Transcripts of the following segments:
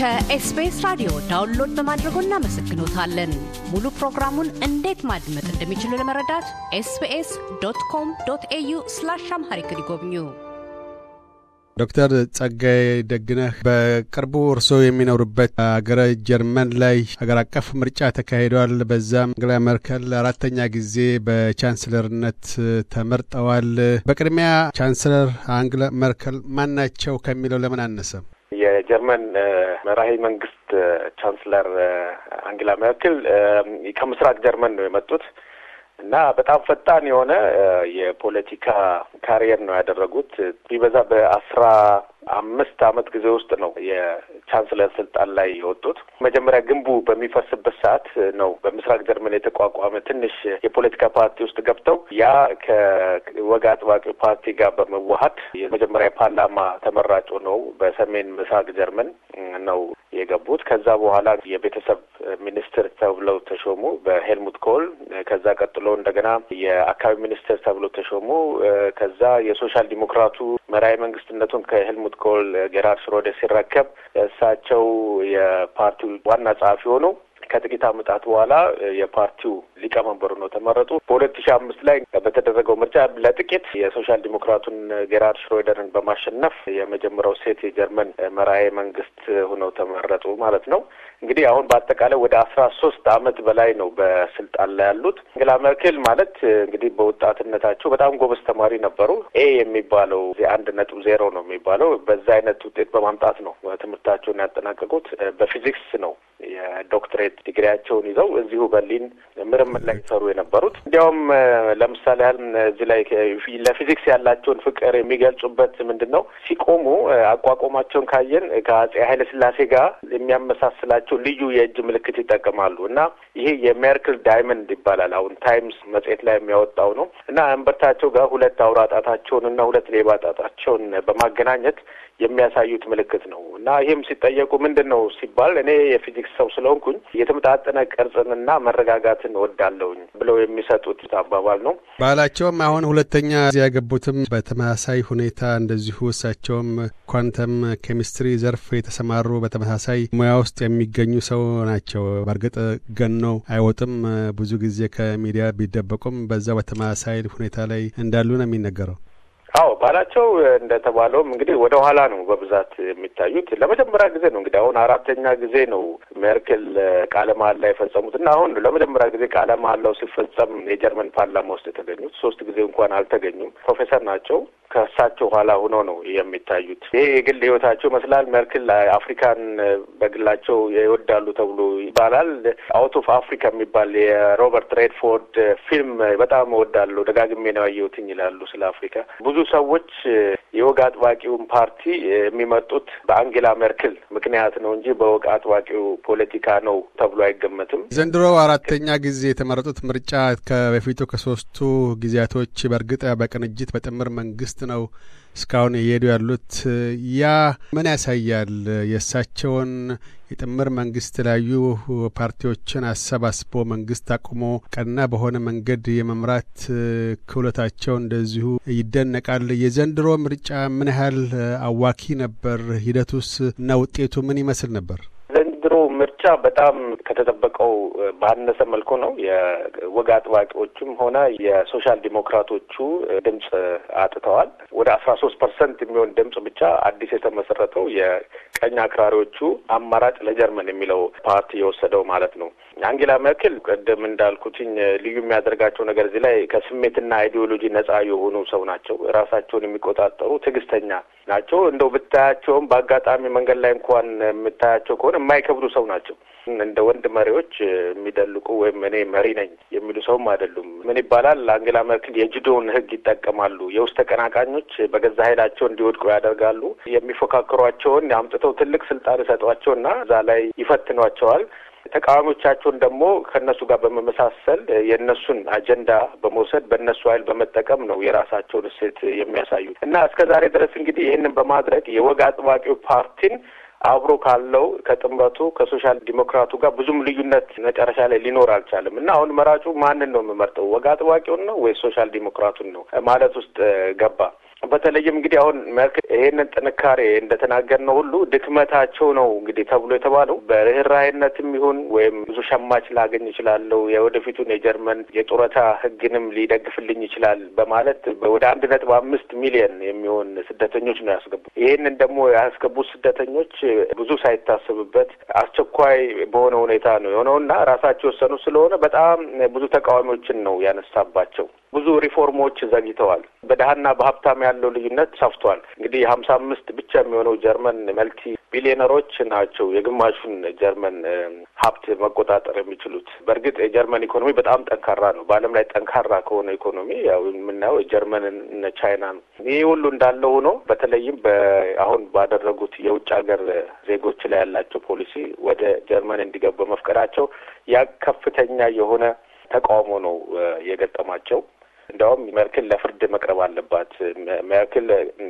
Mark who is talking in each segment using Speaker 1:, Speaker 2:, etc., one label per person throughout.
Speaker 1: ከኤስቢኤስ ራዲዮ ዳውንሎድ በማድረጎ እናመሰግኖታለን። ሙሉ ፕሮግራሙን እንዴት ማድመጥ እንደሚችሉ ለመረዳት ኤስቢኤስ ዶት ኮም ዶት ኤዩ ስላሽ አምሃሪክ ይጎብኙ። ዶክተር ጸጋይ ደግነህ በቅርቡ እርስዎ የሚኖሩበት ሀገረ ጀርመን ላይ ሀገር አቀፍ ምርጫ ተካሂዷል። በዛም አንግላ መርከል አራተኛ ጊዜ በቻንስለርነት ተመርጠዋል። በቅድሚያ ቻንስለር አንግላ መርከል ማን ናቸው ከሚለው ለምን አነሰም
Speaker 2: የጀርመን መራሄ መንግስት ቻንስለር አንግላ ሜርክል ከምስራቅ ጀርመን ነው የመጡት እና በጣም ፈጣን የሆነ የፖለቲካ ካሪየር ነው ያደረጉት ቢበዛ በአስራ አምስት ዓመት ጊዜ ውስጥ ነው የቻንስለር ስልጣን ላይ የወጡት። መጀመሪያ ግንቡ በሚፈስበት ሰዓት ነው በምስራቅ ጀርመን የተቋቋመ ትንሽ የፖለቲካ ፓርቲ ውስጥ ገብተው ያ ከወግ አጥባቂ ፓርቲ ጋር በመዋሀድ የመጀመሪያ ፓርላማ ተመራጩ ነው በሰሜን ምስራቅ ጀርመን ነው የገቡት። ከዛ በኋላ የቤተሰብ ሚኒስትር ተብለው ተሾሙ በሄልሙት ኮል። ከዛ ቀጥሎ እንደገና የአካባቢ ሚኒስትር ተብለው ተሾሙ። ከዛ የሶሻል ዲሞክራቱ መራዊ መንግስትነቱን ከሄልሙት ኮል ጌራር ስሮደ ሲረከብ እሳቸው የፓርቲው ዋና ጸሐፊ ሆነው ከጥቂት አመታት በኋላ የፓርቲው ሊቀመንበሩ ነው ተመረጡ። በሁለት ሺ አምስት ላይ በተደረገው ምርጫ ለጥቂት የሶሻል ዲሞክራቱን ጌራርድ ሽሮይደርን በማሸነፍ የመጀመሪያው ሴት የጀርመን መራሄ መንግስት ሆነው ተመረጡ ማለት ነው። እንግዲህ አሁን በአጠቃላይ ወደ አስራ ሶስት አመት በላይ ነው በስልጣን ላይ ያሉት። አንጌላ መርኬል ማለት እንግዲህ በወጣትነታቸው በጣም ጎበዝ ተማሪ ነበሩ። ኤ የሚባለው አንድ ነጥብ ዜሮ ነው የሚባለው በዛ አይነት ውጤት በማምጣት ነው ትምህርታቸውን ያጠናቀቁት። በፊዚክስ ነው የዶክትሬት ዲግሪያቸውን ይዘው እዚሁ በርሊን ምርምር ላይ ሰሩ የነበሩት እንዲያውም ለምሳሌ ያህል እዚህ ላይ ለፊዚክስ ያላቸውን ፍቅር የሚገልጹበት ምንድን ነው ሲቆሙ አቋቋማቸውን ካየን ከአጼ ኃይለ ስላሴ ጋር የሚያመሳስላቸው ልዩ የእጅ ምልክት ይጠቀማሉ እና ይሄ የሜርክል ዳይመንድ ይባላል። አሁን ታይምስ መጽሔት ላይ የሚያወጣው ነው እና አንበርታቸው ጋር ሁለት አውራ ጣታቸውን እና ሁለት ሌባ ጣታቸውን በማገናኘት የሚያሳዩት ምልክት ነው። እና ይህም ሲጠየቁ ምንድን ነው ሲባል እኔ የፊዚክስ ሰው ስለሆንኩኝ የተመጣጠነ ቅርጽንና መረጋጋትን ወዳለውኝ ብለው የሚሰጡት አባባል ነው።
Speaker 1: ባህላቸውም አሁን ሁለተኛ እዚያ ያገቡትም በተመሳሳይ ሁኔታ እንደዚሁ እሳቸውም ኳንተም ኬሚስትሪ ዘርፍ የተሰማሩ በተመሳሳይ ሙያ ውስጥ የሚገኙ ሰው ናቸው። በእርግጥ ገነው አይወጡም። ብዙ ጊዜ ከሚዲያ ቢደበቁም በዛ በተመሳሳይ ሁኔታ ላይ እንዳሉ ነው የሚነገረው።
Speaker 2: አዎ ባላቸው እንደተባለውም እንግዲህ ወደ ኋላ ነው በብዛት የሚታዩት። ለመጀመሪያ ጊዜ ነው እንግዲህ አሁን አራተኛ ጊዜ ነው ሜርክል ቃለ መሀላ የፈጸሙት እና አሁን ለመጀመሪያ ጊዜ ቃለ መሀላው ሲፈጸም የጀርመን ፓርላማ ውስጥ የተገኙት። ሶስት ጊዜ እንኳን አልተገኙም። ፕሮፌሰር ናቸው። ከእሳቸው ኋላ ሆኖ ነው የሚታዩት። ይሄ የግል ህይወታቸው ይመስላል። ሜርክል አፍሪካን በግላቸው ይወዳሉ ተብሎ ይባላል። አውት ኦፍ አፍሪካ የሚባል የሮበርት ሬድፎርድ ፊልም በጣም እወዳለሁ፣ ደጋግሜ ነው ያየሁትኝ ይላሉ ስለ አፍሪካ ብዙ ሰዎች የወግ አጥባቂውን ፓርቲ የሚመጡት በአንጌላ መርክል ምክንያት ነው እንጂ በወግ አጥባቂው ፖለቲካ ነው ተብሎ አይገመትም።
Speaker 1: ዘንድሮ አራተኛ ጊዜ የተመረጡት ምርጫ ከበፊቱ ከሶስቱ ጊዜያቶች በእርግጥ በቅንጅት በጥምር መንግስት ነው እስካሁን እየሄዱ ያሉት ያ ምን ያሳያል? የእሳቸውን የጥምር መንግስት የተለያዩ ፓርቲዎችን አሰባስቦ መንግስት አቁሞ ቀና በሆነ መንገድ የመምራት ክህሎታቸው እንደዚሁ ይደነቃል። የዘንድሮ ምርጫ ምን ያህል አዋኪ ነበር? ሂደቱስ እና ውጤቱ ምን ይመስል ነበር?
Speaker 2: በጣም ከተጠበቀው ባነሰ መልኩ ነው። የወግ አጥባቂዎቹም ሆነ የሶሻል ዲሞክራቶቹ ድምፅ አጥተዋል። ወደ አስራ ሶስት ፐርሰንት የሚሆን ድምፅ ብቻ አዲስ የተመሰረተው የቀኝ አክራሪዎቹ አማራጭ ለጀርመን የሚለው ፓርቲ የወሰደው ማለት ነው። አንጌላ መርክል ቅድም እንዳልኩትኝ ልዩ የሚያደርጋቸው ነገር እዚህ ላይ ከስሜትና አይዲዮሎጂ ነጻ የሆኑ ሰው ናቸው። ራሳቸውን የሚቆጣጠሩ ትዕግስተኛ ናቸው። እንደው ብታያቸውም በአጋጣሚ መንገድ ላይ እንኳን የምታያቸው ከሆነ የማይከብዱ ሰው ናቸው። እንደ ወንድ መሪዎች የሚደልቁ ወይም እኔ መሪ ነኝ የሚሉ ሰውም አይደሉም። ምን ይባላል አንጌላ መርክል የጁዶውን ህግ ይጠቀማሉ። የውስጥ ተቀናቃኞች በገዛ ኃይላቸው እንዲወድቁ ያደርጋሉ። የሚፎካከሯቸውን አምጥተው ትልቅ ስልጣን ይሰጧቸውና እዛ ላይ ይፈትኗቸዋል። ተቃዋሚዎቻቸውን ደግሞ ከእነሱ ጋር በመመሳሰል የእነሱን አጀንዳ በመውሰድ በእነሱ ኃይል በመጠቀም ነው የራሳቸውን እሴት የሚያሳዩት እና እስከ ዛሬ ድረስ እንግዲህ ይህንን በማድረግ የወግ አጥባቂው ፓርቲን አብሮ ካለው ከጥምረቱ ከሶሻል ዲሞክራቱ ጋር ብዙም ልዩነት መጨረሻ ላይ ሊኖር አልቻለም እና አሁን መራጩ ማንን ነው የምመርጠው? ወግ አጥባቂውን ነው ወይ ሶሻል ዲሞክራቱን ነው ማለት ውስጥ ገባ። በተለይም እንግዲህ አሁን መልክ ይሄንን ጥንካሬ እንደተናገርነው ሁሉ ድክመታቸው ነው እንግዲህ ተብሎ የተባለው በርህራይነትም ይሁን ወይም ብዙ ሸማች ላገኝ ይችላለሁ የወደፊቱን የጀርመን የጡረታ ህግንም ሊደግፍልኝ ይችላል በማለት ወደ አንድ ነጥብ አምስት ሚሊየን የሚሆን ስደተኞች ነው ያስገቡ ይህንን ደግሞ ያስገቡት ስደተኞች ብዙ ሳይታሰብበት አስቸኳይ በሆነ ሁኔታ ነው የሆነውና ራሳቸው የወሰኑ ስለሆነ በጣም ብዙ ተቃዋሚዎችን ነው ያነሳባቸው። ብዙ ሪፎርሞች ዘግይተዋል። በድሀና በሀብታም ያለው ልዩነት ሰፍቷል። እንግዲህ ሀምሳ አምስት ብቻ የሚሆነው ጀርመን መልቲ ቢሊዮነሮች ናቸው የግማሹን ጀርመን ሀብት መቆጣጠር የሚችሉት። በእርግጥ የጀርመን ኢኮኖሚ በጣም ጠንካራ ነው። በዓለም ላይ ጠንካራ ከሆነ ኢኮኖሚ ያው የምናየው የጀርመንን ቻይና ነው። ይህ ሁሉ እንዳለ ሆኖ በተለይም አሁን ባደረጉት የውጭ ሀገር ዜጎች ላይ ያላቸው ፖሊሲ ወደ ጀርመን እንዲገቡ በመፍቀዳቸው ያ ከፍተኛ የሆነ ተቃውሞ ነው የገጠማቸው። እንዲያውም ሜርክል ለፍርድ መቅረብ አለባት። ሜርክል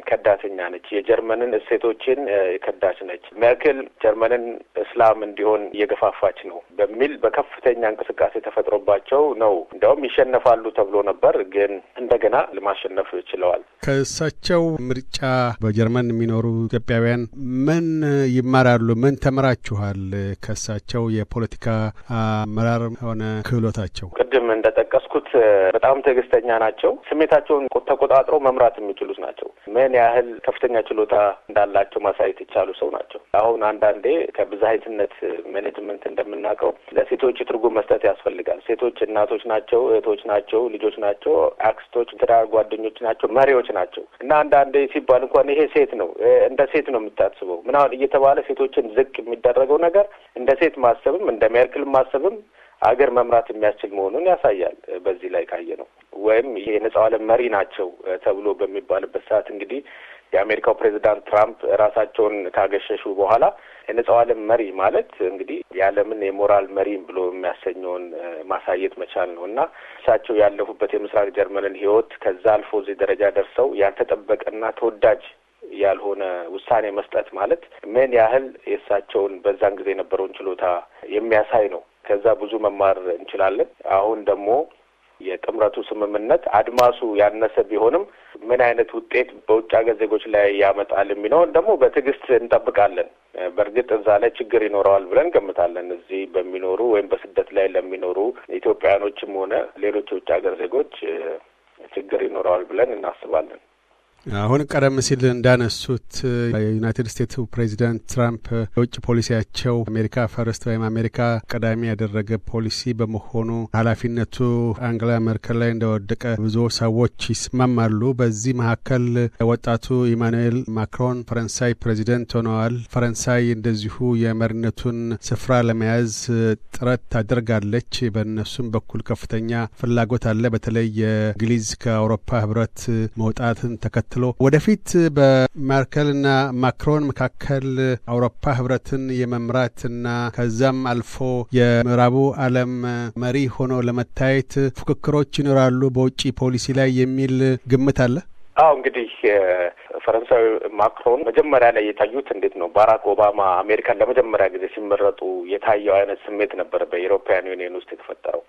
Speaker 2: ከዳተኛ ነች። የጀርመንን እሴቶችን ከዳች ነች። ሜርክል ጀርመንን እስላም እንዲሆን እየገፋፋች ነው በሚል በከፍተኛ እንቅስቃሴ ተፈጥሮባቸው ነው። እንዲያውም ይሸነፋሉ ተብሎ ነበር፣ ግን እንደገና
Speaker 1: ለማሸነፍ ችለዋል። ከእሳቸው ምርጫ በጀርመን የሚኖሩ ኢትዮጵያውያን ምን ይማራሉ? ምን ተምራችኋል? ከእሳቸው የፖለቲካ አመራር ሆነ ክህሎታቸው
Speaker 2: ቅድም እንደጠቀስኩት በጣም ትዕግስተኛ ናቸው። ስሜታቸውን ተቆጣጥረው መምራት የሚችሉት ናቸው። ምን ያህል ከፍተኛ ችሎታ እንዳላቸው ማሳየት የቻሉ ሰው ናቸው። አሁን አንዳንዴ ከብዛይትነት ማኔጅመንት እንደምናውቀው ለሴቶች ትርጉም መስጠት ያስፈልጋል። ሴቶች እናቶች ናቸው፣ እህቶች ናቸው፣ ልጆች ናቸው፣ አክስቶች፣ ትዳር ጓደኞች ናቸው፣ መሪዎች ናቸው እና አንዳንዴ ሲባል እንኳን ይሄ ሴት ነው እንደ ሴት ነው የምታስበው ምናምን እየተባለ ሴቶችን ዝቅ የሚደረገው ነገር እንደ ሴት ማሰብም እንደ ሜርክል ማሰብም አገር መምራት የሚያስችል መሆኑን ያሳያል። በዚህ ላይ ካየ ነው ወይም ይሄ የነጻው ዓለም መሪ ናቸው ተብሎ በሚባልበት ሰዓት እንግዲህ የአሜሪካው ፕሬዚዳንት ትራምፕ ራሳቸውን ካገሸሹ በኋላ የነጻው ዓለም መሪ ማለት እንግዲህ የዓለምን የሞራል መሪ ብሎ የሚያሰኘውን ማሳየት መቻል ነው እና እሳቸው ያለፉበት የምስራቅ ጀርመንን ህይወት ከዛ አልፎ እዚህ ደረጃ ደርሰው ያልተጠበቀና ተወዳጅ ያልሆነ ውሳኔ መስጠት ማለት ምን ያህል የእሳቸውን በዛን ጊዜ የነበረውን ችሎታ የሚያሳይ ነው ከዛ ብዙ መማር እንችላለን። አሁን ደግሞ የጥምረቱ ስምምነት አድማሱ ያነሰ ቢሆንም ምን አይነት ውጤት በውጭ ሀገር ዜጎች ላይ ያመጣል የሚለውን ደግሞ በትዕግስት እንጠብቃለን። በእርግጥ እዛ ላይ ችግር ይኖረዋል ብለን ገምታለን። እዚህ በሚኖሩ ወይም በስደት ላይ ለሚኖሩ ኢትዮጵያውያኖችም ሆነ ሌሎች የውጭ ሀገር ዜጎች ችግር ይኖረዋል ብለን እናስባለን።
Speaker 1: አሁን ቀደም ሲል እንዳነሱት የዩናይትድ ስቴትሱ ፕሬዚዳንት ትራምፕ የውጭ ፖሊሲያቸው አሜሪካ ፈርስት ወይም አሜሪካ ቀዳሚ ያደረገ ፖሊሲ በመሆኑ ኃላፊነቱ አንግላ መርከል ላይ እንደወደቀ ብዙ ሰዎች ይስማማሉ። በዚህ መካከል ወጣቱ ኢማኑኤል ማክሮን ፈረንሳይ ፕሬዚደንት ሆነዋል። ፈረንሳይ እንደዚሁ የመሪነቱን ስፍራ ለመያዝ ጥረት ታደርጋለች። በእነሱም በኩል ከፍተኛ ፍላጎት አለ። በተለይ የእንግሊዝ ከአውሮፓ ህብረት መውጣትን ተከትሎ ተከትሎ ወደፊት ና ማክሮን መካከል አውሮፓ ህብረትን የመምራትና ከዛም አልፎ የምዕራቡ ዓለም መሪ ሆኖ ለመታየት ፉክክሮች ይኖራሉ በውጭ ፖሊሲ ላይ የሚል ግምት አለ?
Speaker 2: አዎ እንግዲህ ፈረንሳዊ ማክሮን መጀመሪያ ላይ የታዩት እንዴት ነው ባራክ ኦባማ አሜሪካን ለመጀመሪያ ጊዜ ሲመረጡ የታየው አይነት ስሜት ነበር በኢሮፓያን ዩኒየን ውስጥ የተፈጠረው።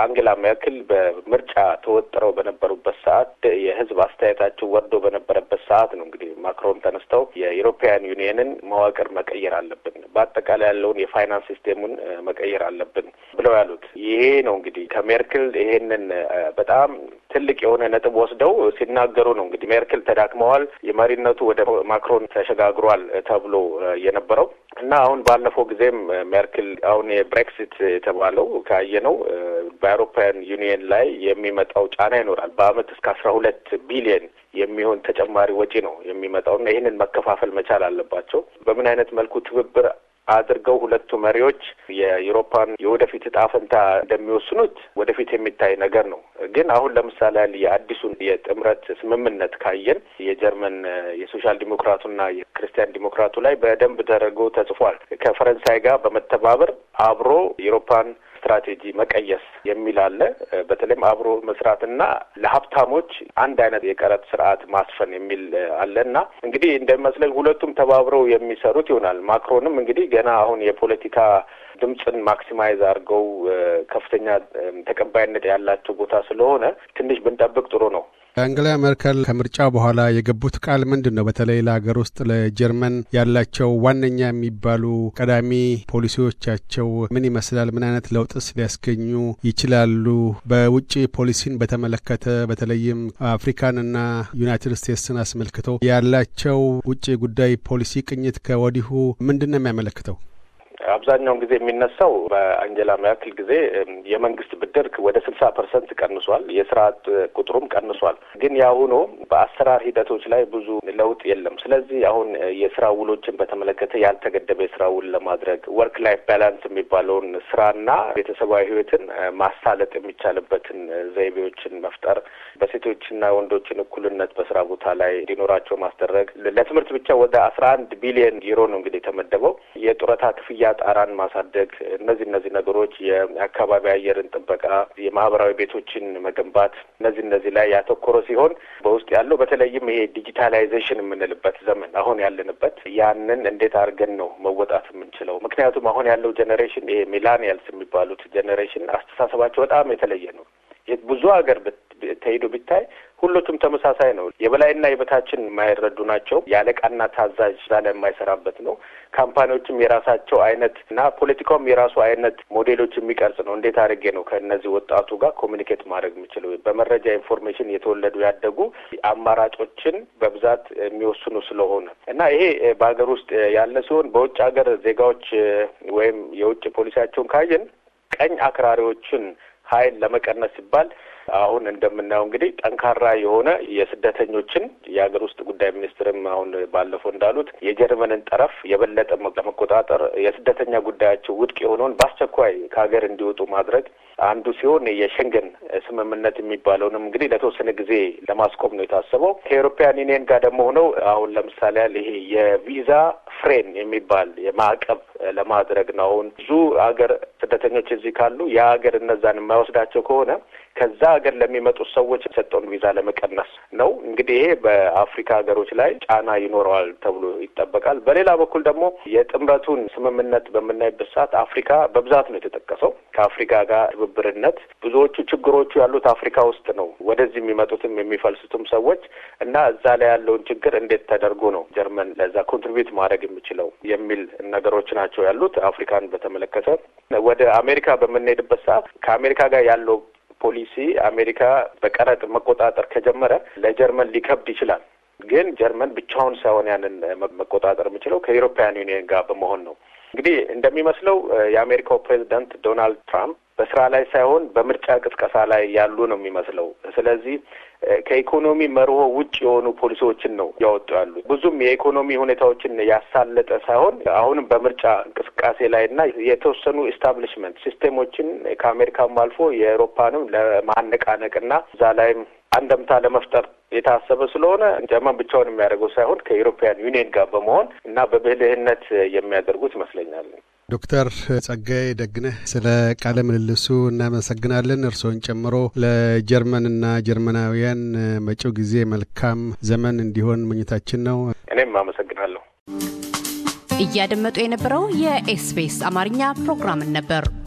Speaker 2: አንጌላ ሜርክል በምርጫ ተወጥረው በነበሩበት ሰዓት የህዝብ አስተያየታቸው ወርዶ በነበረበት ሰዓት ነው እንግዲህ ማክሮን ተነስተው የኢሮፓያን ዩኒየንን መዋቅር መቀየር አለብን፣ በአጠቃላይ ያለውን የፋይናንስ ሲስቴሙን መቀየር አለብን ብለው ያሉት ይሄ ነው። እንግዲህ ከሜርክል ይሄንን በጣም ትልቅ የሆነ ነጥብ ወስደው ሲናገሩ ነው እንግዲህ ሜርክል ተዳክመዋል፣ የመሪነቱ ወደ ማክሮን ተሸጋግሯል ተብሎ የነበረው እና አሁን ባለፈው ጊዜም ሜርክል አሁን የብሬክሲት የተባለው ካየ ነው በአውሮፓያን ዩኒየን ላይ የሚመጣው ጫና ይኖራል። በአመት እስከ አስራ ሁለት ቢሊየን የሚሆን ተጨማሪ ወጪ ነው የሚመጣው እና ይህንን መከፋፈል መቻል አለባቸው። በምን አይነት መልኩ ትብብር አድርገው ሁለቱ መሪዎች የአውሮፓን የወደፊት እጣ ፈንታ እንደሚወስኑት ወደፊት የሚታይ ነገር ነው። ግን አሁን ለምሳሌ ያህል የአዲሱን የጥምረት ስምምነት ካየን የጀርመን የሶሻል ዲሞክራቱና የክርስቲያን ዲሞክራቱ ላይ በደንብ ተደርጎ ተጽፏል። ከፈረንሳይ ጋር በመተባበር አብሮ አውሮፓን ስትራቴጂ መቀየስ የሚል አለ። በተለይም አብሮ መስራትና ለሀብታሞች አንድ አይነት የቀረጥ ስርዓት ማስፈን የሚል አለና እንግዲህ እንደሚመስለኝ ሁለቱም ተባብረው የሚሰሩት ይሆናል። ማክሮንም እንግዲህ ገና አሁን የፖለቲካ ድምፅን ማክሲማይዝ አድርገው ከፍተኛ ተቀባይነት ያላቸው ቦታ ስለሆነ ትንሽ ብንጠብቅ ጥሩ ነው።
Speaker 1: አንግላ መርከል ከምርጫ በኋላ የገቡት ቃል ምንድን ነው? በተለይ ለሀገር ውስጥ ለጀርመን ያላቸው ዋነኛ የሚባሉ ቀዳሚ ፖሊሲዎቻቸው ምን ይመስላል? ምን አይነት ለውጥስ ሊያስገኙ ይችላሉ? በውጭ ፖሊሲን በተመለከተ በተለይም አፍሪካንና ዩናይትድ ስቴትስን አስመልክቶ ያላቸው ውጭ ጉዳይ ፖሊሲ ቅኝት ከወዲሁ ምንድን ነው የሚያመለክተው?
Speaker 2: አብዛኛውን ጊዜ የሚነሳው በአንጀላ ሜርክል ጊዜ የመንግስት ብድር ወደ ስልሳ ፐርሰንት ቀንሷል፣ የስራ አጥ ቁጥሩም ቀንሷል። ግን ያሁኖ በአሰራር ሂደቶች ላይ ብዙ ለውጥ የለም። ስለዚህ አሁን የስራ ውሎችን በተመለከተ ያልተገደበ የስራ ውል ለማድረግ ወርክ ላይፍ ባላንስ የሚባለውን ስራና ቤተሰባዊ ህይወትን ማሳለጥ የሚቻልበትን ዘይቤዎችን መፍጠር፣ በሴቶችና ወንዶችን እኩልነት በስራ ቦታ ላይ እንዲኖራቸው ማስደረግ። ለትምህርት ብቻ ወደ አስራ አንድ ቢሊየን ዩሮ ነው እንግዲህ የተመደበው የጡረታ ክፍያ ጣራን ማሳደግ፣ እነዚህ እነዚህ ነገሮች የአካባቢ አየርን ጥበቃ፣ የማህበራዊ ቤቶችን መገንባት፣ እነዚህ እነዚህ ላይ ያተኮረ ሲሆን በውስጥ ያለው በተለይም ይሄ ዲጂታላይዜሽን የምንልበት ዘመን አሁን ያለንበት ያንን እንዴት አድርገን ነው መወጣት የምንችለው? ምክንያቱም አሁን ያለው ጀኔሬሽን ይሄ ሚላኒያልስ የሚባሉት ጀኔሬሽን አስተሳሰባቸው በጣም የተለየ ነው። ብዙ ሀገር ተሄዶ ቢታይ ሁለቱም ተመሳሳይ ነው። የበላይና የበታችን የማይረዱ ናቸው። የአለቃና ታዛዥ ስራ ላይ የማይሰራበት ነው። ካምፓኒዎችም የራሳቸው አይነት እና ፖለቲካውም የራሱ አይነት ሞዴሎች የሚቀርጽ ነው። እንዴት አድርጌ ነው ከእነዚህ ወጣቱ ጋር ኮሚኒኬት ማድረግ የሚችለው? በመረጃ ኢንፎርሜሽን የተወለዱ ያደጉ አማራጮችን በብዛት የሚወስኑ ስለሆነ እና ይሄ በሀገር ውስጥ ያለ ሲሆን በውጭ ሀገር ዜጋዎች ወይም የውጭ ፖሊሲያቸውን ካየን ቀኝ አክራሪዎችን ኃይል ለመቀነስ ሲባል አሁን እንደምናየው እንግዲህ ጠንካራ የሆነ የስደተኞችን የሀገር ውስጥ ጉዳይ ሚኒስትርም አሁን ባለፈው እንዳሉት የጀርመንን ጠረፍ የበለጠ ለመቆጣጠር የስደተኛ ጉዳያቸው ውድቅ የሆነውን በአስቸኳይ ከሀገር እንዲወጡ ማድረግ አንዱ ሲሆን የሸንገን ስምምነት የሚባለውንም እንግዲህ ለተወሰነ ጊዜ ለማስቆም ነው የታሰበው። ከኤሮፓያን ዩኒየን ጋር ደግሞ ሆነው አሁን ለምሳሌ ያህል ይሄ የቪዛ ፍሬን የሚባል የማዕቀብ ለማድረግ ነው። አሁን ብዙ ሀገር ስደተኞች እዚህ ካሉ የሀገር እነዛን የማይወስዳቸው ከሆነ ከዛ ሀገር ለሚመጡት ሰዎች የሰጠውን ቪዛ ለመቀነስ ነው። እንግዲህ ይሄ በአፍሪካ ሀገሮች ላይ ጫና ይኖረዋል ተብሎ ይጠበቃል። በሌላ በኩል ደግሞ የጥምረቱን ስምምነት በምናይበት ሰዓት አፍሪካ በብዛት ነው የተጠቀሰው። ከአፍሪካ ጋር ትብብርነት ብዙዎቹ ችግሮቹ ያሉት አፍሪካ ውስጥ ነው። ወደዚህ የሚመጡትም የሚፈልሱትም ሰዎች እና እዛ ላይ ያለውን ችግር እንዴት ተደርጎ ነው ጀርመን ለዛ ኮንትሪቢዩት ማድረግ የሚችለው የሚል ነገሮች ናቸው ያሉት አፍሪካን በተመለከተ። ወደ አሜሪካ በምንሄድበት ሰዓት ከአሜሪካ ጋር ያለው ፖሊሲ አሜሪካ በቀረጥ መቆጣጠር ከጀመረ ለጀርመን ሊከብድ ይችላል። ግን ጀርመን ብቻውን ሳይሆን ያንን መቆጣጠር የምችለው ከኢሮፓያን ዩኒየን ጋር በመሆን ነው። እንግዲህ እንደሚመስለው የአሜሪካው ፕሬዚዳንት ዶናልድ ትራምፕ በስራ ላይ ሳይሆን በምርጫ ቅስቀሳ ላይ ያሉ ነው የሚመስለው። ስለዚህ ከኢኮኖሚ መርሆ ውጭ የሆኑ ፖሊሲዎችን ነው እያወጡ ያሉ። ብዙም የኢኮኖሚ ሁኔታዎችን ያሳለጠ ሳይሆን አሁንም በምርጫ እንቅስቃሴ ላይ እና የተወሰኑ ኢስታብሊሽመንት ሲስቴሞችን ከአሜሪካም አልፎ የአውሮፓንም ለማነቃነቅ እና እዛ ላይም አንደምታ ለመፍጠር የታሰበ ስለሆነ ጀርመን ብቻውን የሚያደርገው ሳይሆን ከኢሮፒያን ዩኒየን ጋር በመሆን እና በብልህነት የሚያደርጉት
Speaker 1: ይመስለኛል። ዶክተር ጸጋይ ደግነህ ስለ ቃለ ምልልሱ እናመሰግናለን። እርስዎን ጨምሮ ለጀርመንና ጀርመናውያን መጪው ጊዜ መልካም ዘመን እንዲሆን ምኞታችን ነው።
Speaker 2: እኔም አመሰግናለሁ።
Speaker 1: እያደመጡ የነበረው የኤስቢኤስ አማርኛ ፕሮግራምን ነበር።